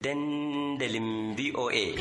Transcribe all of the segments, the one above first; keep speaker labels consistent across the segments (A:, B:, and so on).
A: dandalin VOA.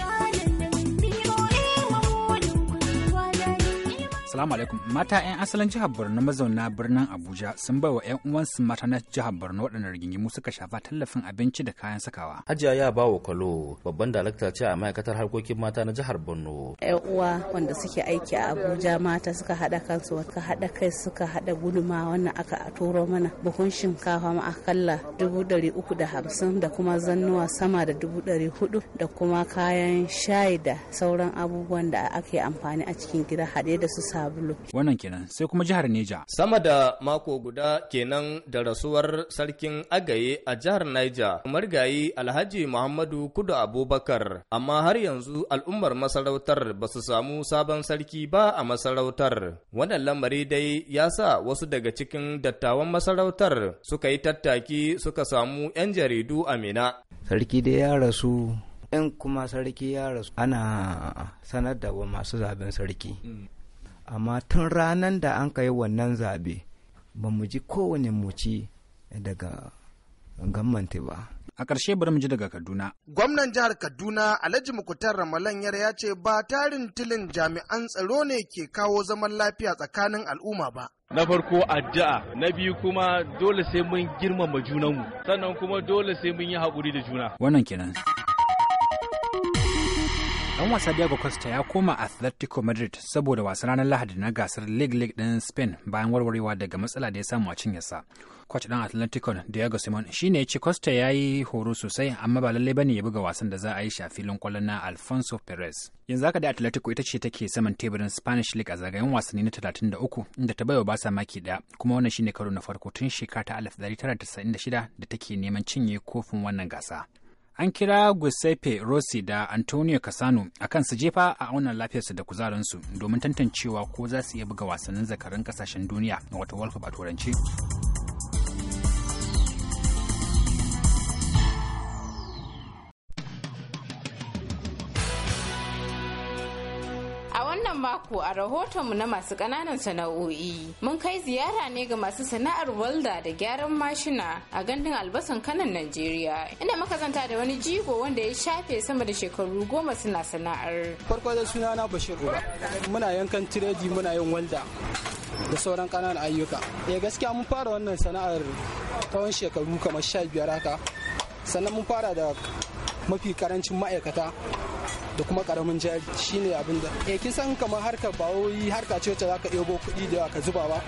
A: Salamu alaikum. Mata 'yan asalin jihar Borno mazauna birnin Abuja sun bai wa 'yan uwansu mata na jihar Borno waɗanda rigingimu suka shafa tallafin abinci da kayan sakawa. Hajiya ya bawa Kwalo babban dalakta ce a ma'aikatar harkokin mata na jihar Borno. 'Yan uwa wanda suke aiki a Abuja mata suka haɗa kansu suka haɗa kai suka haɗa guduma wannan aka turo mana buhun shinkafa ma akalla dubu ɗari uku da hamsin da kuma zannuwa sama da dubu ɗari hudu da kuma kayan shayi da sauran abubuwan da ake amfani a cikin gida haɗe da su sa. sabulu. Wannan kenan sai kuma jihar Neja. Sama da mako guda kenan da rasuwar sarkin agaye a jihar Neja, marigayi Alhaji Muhammadu Kudu Abubakar, amma har yanzu al'ummar masarautar ba su samu sabon sarki ba a masarautar. Wannan lamari dai ya sa wasu daga cikin dattawan masarautar suka yi tattaki suka samu 'yan jaridu a Mina. Sarki dai ya rasu in kuma sarki ya rasu ana sanar da wa masu zaben sarki mm. amma tun ranar da an kai wannan zabe ba mu ji kowane muci daga gammanti ba a ƙarshe bari mu ji daga Kaduna. Gwamnan jihar Kaduna Alhaji Mukutar Ramalanyar ya ce ba tarin tilin jami'an tsaro ne ke kawo zaman lafiya tsakanin al'umma ba. Na farko addu'a, na biyu kuma dole sai mun girmama junanmu, sannan kuma dole sai mun yi haƙuri da juna. Wannan kenan. Dan wasa Diego Costa ya koma Atletico Madrid saboda wasan ranar Lahadi na gasar League League din Spain bayan warwarewa daga matsala da ya samu a cinyarsa. Kwace ɗan Atletico Diego Simon shine ne ci Costa ya yi horo sosai amma ba lallai bane ya buga wasan da za a yi shafi kwallon na Alfonso Perez. Yanzu haka da Atletico ita ce take saman teburin Spanish League a zagayen wasanni na 33 inda ta baiwa basa maki daya kuma wannan shine karo na farko tun shekara ta 1996 da take neman cinye kofin wannan gasa. An kira Giuseppe Rossi da Antonio Cassano kan su jefa a auna lafiyarsu da kuzarinsu domin tantancewa ko za su iya buga wasannin zakarun kasashen duniya wato World Cup a turanci. wannan mako a rahotonmu na masu ƙananan sana'o'i mun kai ziyara ne ga masu sana'ar walda da gyaran mashina a gandun albasan kanan Najeriya. Ina zanta da wani jigo wanda ya shafe sama da shekaru goma suna sana'ar. Farko da suna na Bashir Uba. Muna yankan tiredi muna yin walda da sauran ƙananan ayyuka. Eh gaskiya mun fara wannan sana'ar tsawon shekaru kamar sha biyar haka. Sannan mun fara da mafi karancin ma'aikata da kuma karamin jari shine abin da eh kin san kamar harkar ba wai harka ce wacce zaka ebo kuɗi da ka zuba ba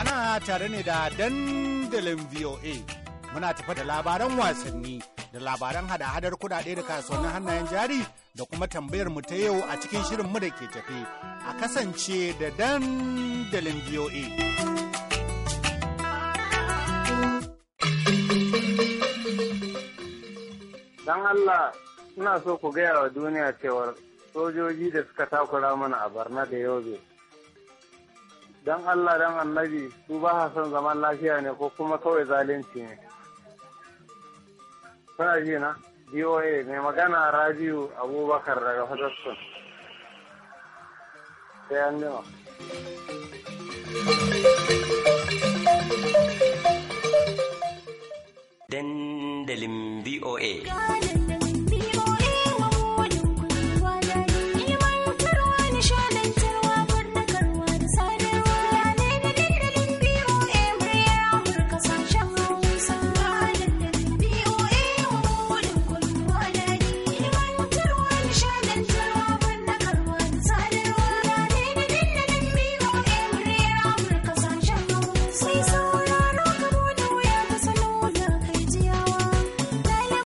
A: ana tare ne da dandalin VOA muna tafa da labaran wasanni da labaran hada-hadar kudade da kasuwannin hannayen jari da kuma tambayar mu ta yau a cikin shirin mu da ke tafe a kasance da dandalin VOA. Dan Allah ina so ku gaya wa duniya cewar sojoji da suka takura mana a barna da yobe dan allah dan annabi su ba son zaman lafiya ne ko kuma kawai zalunci ne Kuna ji na? DOA mai magana radiyo Abubakar daga Fataston. Sai an jima. Dandalin VOA.